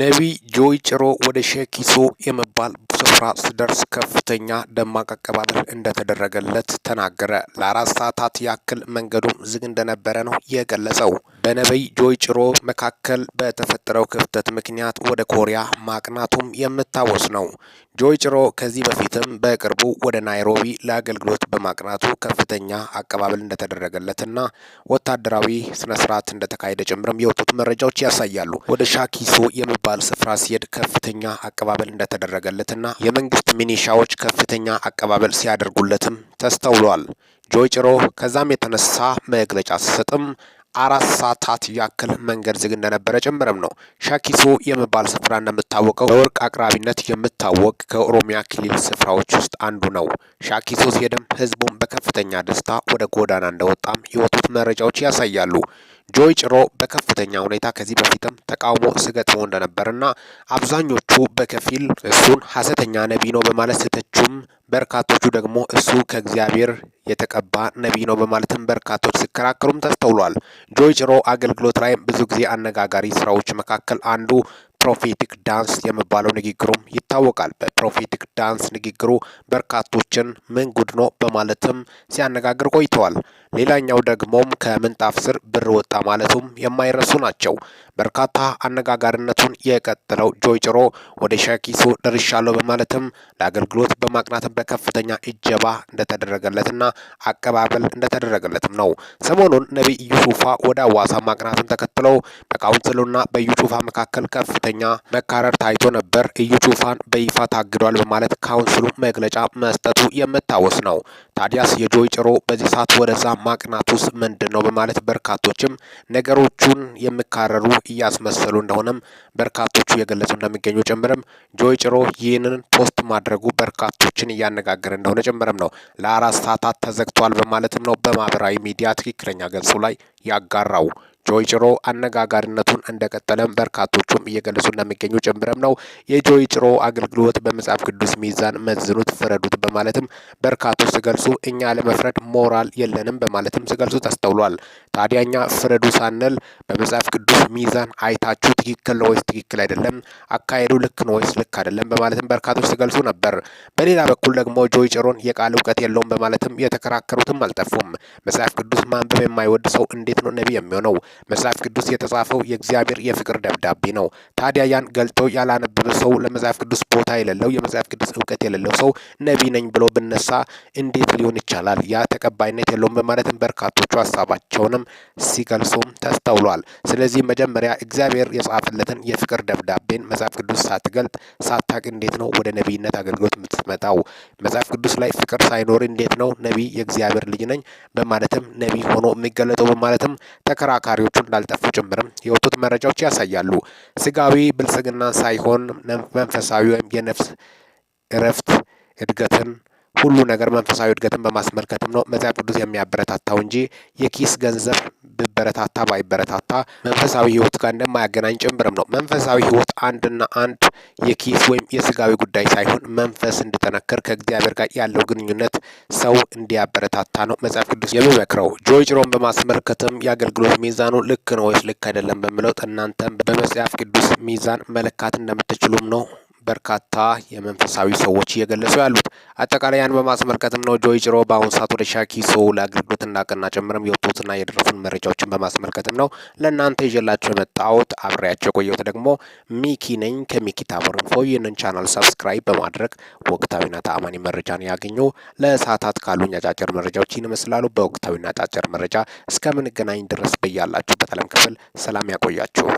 ነቢ ጆይ ጭሮ ወደ ሸኪሶ የመባል ስፍራ ሲደርስ ከፍተኛ ደማቅ አቀባበል እንደተደረገለት ተናገረ። ለአራት ሰዓታት ያክል መንገዱም ዝግ እንደነበረ ነው የገለጸው። በነበይ ጆይ ጭሮ መካከል በተፈጠረው ክፍተት ምክንያት ወደ ኮሪያ ማቅናቱም የምታወስ ነው። ጆይ ጭሮ ከዚህ በፊትም በቅርቡ ወደ ናይሮቢ ለአገልግሎት በማቅናቱ ከፍተኛ አቀባበል እንደተደረገለትና ወታደራዊ ስነስርዓት እንደተካሄደ ጭምርም የወጡት መረጃዎች ያሳያሉ። ወደ ሻኪሶ የሚባል ስፍራ ሲሄድ ከፍተኛ አቀባበል እንደተደረገለትና የመንግስት ሚኒሻዎች ከፍተኛ አቀባበል ሲያደርጉለትም ተስተውሏል። ጆይ ጭሮ ከዛም የተነሳ መግለጫ ሲሰጥም አራት ሰዓታት ያክል መንገድ ዝግ እንደነበረ ጭምርም ነው። ሻኪሶ የመባል ስፍራ እንደምታወቀው በወርቅ አቅራቢነት የምታወቅ ከኦሮሚያ ክልል ስፍራዎች ውስጥ አንዱ ነው። ሻኪሶ ሲሄድም ህዝቡም በከፍተኛ ደስታ ወደ ጎዳና እንደወጣም የወጡት መረጃዎች ያሳያሉ። ጆይ ጭሮ በከፍተኛ ሁኔታ ከዚህ በፊትም ተቃውሞ ስገጥሞ እንደነበርና አብዛኞቹ በከፊል እሱን ሐሰተኛ ነቢይ ነው በማለት ስተቹም፣ በርካቶቹ ደግሞ እሱ ከእግዚአብሔር የተቀባ ነቢይ ነው በማለትም በርካቶች ሲከራከሩም ተስተውሏል። ጆይ ጭሮ አገልግሎት ላይም ብዙ ጊዜ አነጋጋሪ ስራዎች መካከል አንዱ ፕሮፌቲክ ዳንስ የሚባለው ንግግሩም ይታወቃል። በፕሮፌቲክ ዳንስ ንግግሩ በርካቶችን ምን ጉድ ነው በማለትም ሲያነጋግር ቆይተዋል። ሌላኛው ደግሞም ከምንጣፍ ስር ብር ወጣ ማለቱም የማይረሱ ናቸው። በርካታ አነጋጋሪነቱን የቀጠለው ጆይ ጭሮ ወደ ሻኪሶ ደርሻለሁ በማለትም ለአገልግሎት በማቅናት በከፍተኛ እጀባ እንደተደረገለትና አቀባበል እንደተደረገለትም ነው። ሰሞኑን ነቢይ ዩሱፋ ወደ አዋሳ ማቅናቱን ተከትለው በካውንስሉና በዩሱፋ መካከል ከፍተኛ መካረር ታይቶ ነበር። ዩሱፋን በይፋ ታግዷል በማለት ካውንስሉ መግለጫ መስጠቱ የምታወስ ነው። ታዲያስ የጆይ ጭሮ በዚህ ሰዓት ወደዛ ማቅናት ውስጥ ምንድን ነው በማለት በርካቶችም ነገሮቹን የሚካረሩ እያስመሰሉ እንደሆነም በርካቶቹ እየገለጹ እንደሚገኙ ጭምርም ጆይ ጭሮ ይህንን ፖስት ማድረጉ በርካቶችን እያነጋገረ እንደሆነ ጭምርም ነው። ለአራት ሰዓታት ተዘግቷል በማለትም ነው በማህበራዊ ሚዲያ ትክክለኛ ገጹ ላይ ያጋራው። ጆይጭሮ አነጋጋሪነቱን እንደቀጠለም በርካቶቹም እየገለጹ እንደሚገኙ ጭምርም ነው። የጆይጭሮ አገልግሎት በመጽሐፍ ቅዱስ ሚዛን መዝኑት፣ ፍረዱት በማለትም በርካቶች ሲገልጹ፣ እኛ ለመፍረድ ሞራል የለንም በማለትም ሲገልጹ ተስተውሏል። ታዲያ እኛ ፍረዱ ሳንል በመጽሐፍ ቅዱስ ሚዛን አይታችሁ ትክክል ነው ወይስ ትክክል አይደለም፣ አካሄዱ ልክ ነው ወይስ ልክ አይደለም በማለትም በርካቶች ሲገልጹ ነበር። በሌላ በኩል ደግሞ ጆይጭሮን የቃል እውቀት የለውም በማለትም የተከራከሩትም አልጠፉም። መጽሐፍ ቅዱስ ማንበብ የማይወድ ሰው እንዴት ነው ነቢይ የሚሆነው? መጽሐፍ ቅዱስ የተጻፈው የእግዚአብሔር የፍቅር ደብዳቤ ነው። ታዲያ ያን ገልጦ ያላነበበ ሰው ለመጽሐፍ ቅዱስ ቦታ የሌለው የመጽሐፍ ቅዱስ እውቀት የሌለው ሰው ነቢይ ነኝ ብሎ ብነሳ እንዴት ሊሆን ይቻላል? ያ ተቀባይነት የለውም በማለትም በርካቶቹ ሀሳባቸውንም ሲገልጹም ተስተውሏል። ስለዚህ መጀመሪያ እግዚአብሔር የጻፈለትን የፍቅር ደብዳቤን መጽሐፍ ቅዱስ ሳትገልጥ ሳታቅ እንዴት ነው ወደ ነቢይነት አገልግሎት የምትመጣው? መጽሐፍ ቅዱስ ላይ ፍቅር ሳይኖር እንዴት ነው ነቢይ የእግዚአብሔር ልጅ ነኝ በማለትም ነቢይ ሆኖ የሚገለጠው? በማለትም ተከራካሪ ተጠርጣሪዎቹ እንዳልጠፉ ጭምርም የወጡት መረጃዎች ያሳያሉ። ስጋዊ ብልጽግና ሳይሆን መንፈሳዊ ወይም የነፍስ እረፍት እድገትን ሁሉ ነገር መንፈሳዊ እድገትን በማስመልከትም ነው መጽሐፍ ቅዱስ የሚያበረታታው እንጂ የኪስ ገንዘብ ብበረታታ ባይበረታታ መንፈሳዊ ህይወት ጋር እንደማያገናኝ ጭምርም ነው። መንፈሳዊ ህይወት አንድና አንድ የኪስ ወይም የስጋዊ ጉዳይ ሳይሆን መንፈስ እንዲጠነክር ከእግዚአብሔር ጋር ያለው ግንኙነት ሰው እንዲያበረታታ ነው መጽሐፍ ቅዱስ የሚመክረው። ጆይ ጭሮን በማስመልከትም የአገልግሎት ሚዛኑ ልክ ነው ወይስ ልክ አይደለም በሚለው እናንተም በመጽሐፍ ቅዱስ ሚዛን መለካት እንደምትችሉም ነው በርካታ የመንፈሳዊ ሰዎች እየገለጹ ያሉት። አጠቃላይ ያን በማስመልከትም ነው ጆይ ጭሮ በአሁን ሰዓት ወደ ሻኪ ሻኪሶ ለአገልግሎት እናቀና ጨምርም የወጡትና የደረሱን መረጃዎችን በማስመልከትም ነው ለእናንተ ይዤላቸው የመጣሁት። አብሬያቸው የቆየሁት ደግሞ ሚኪ ነኝ ከሚኪ ታቦር ኢንፎ። ይህንን ቻናል ሰብስክራይብ በማድረግ ወቅታዊና ተአማኒ መረጃን ያገኙ። ለሰዓታት ካሉኝ አጫጭር መረጃዎች ይህን ይመስላሉ። በወቅታዊና አጫጭር መረጃ እስከምንገናኝ ድረስ በያላችሁበት ዓለም ክፍል ሰላም ያቆያችሁ።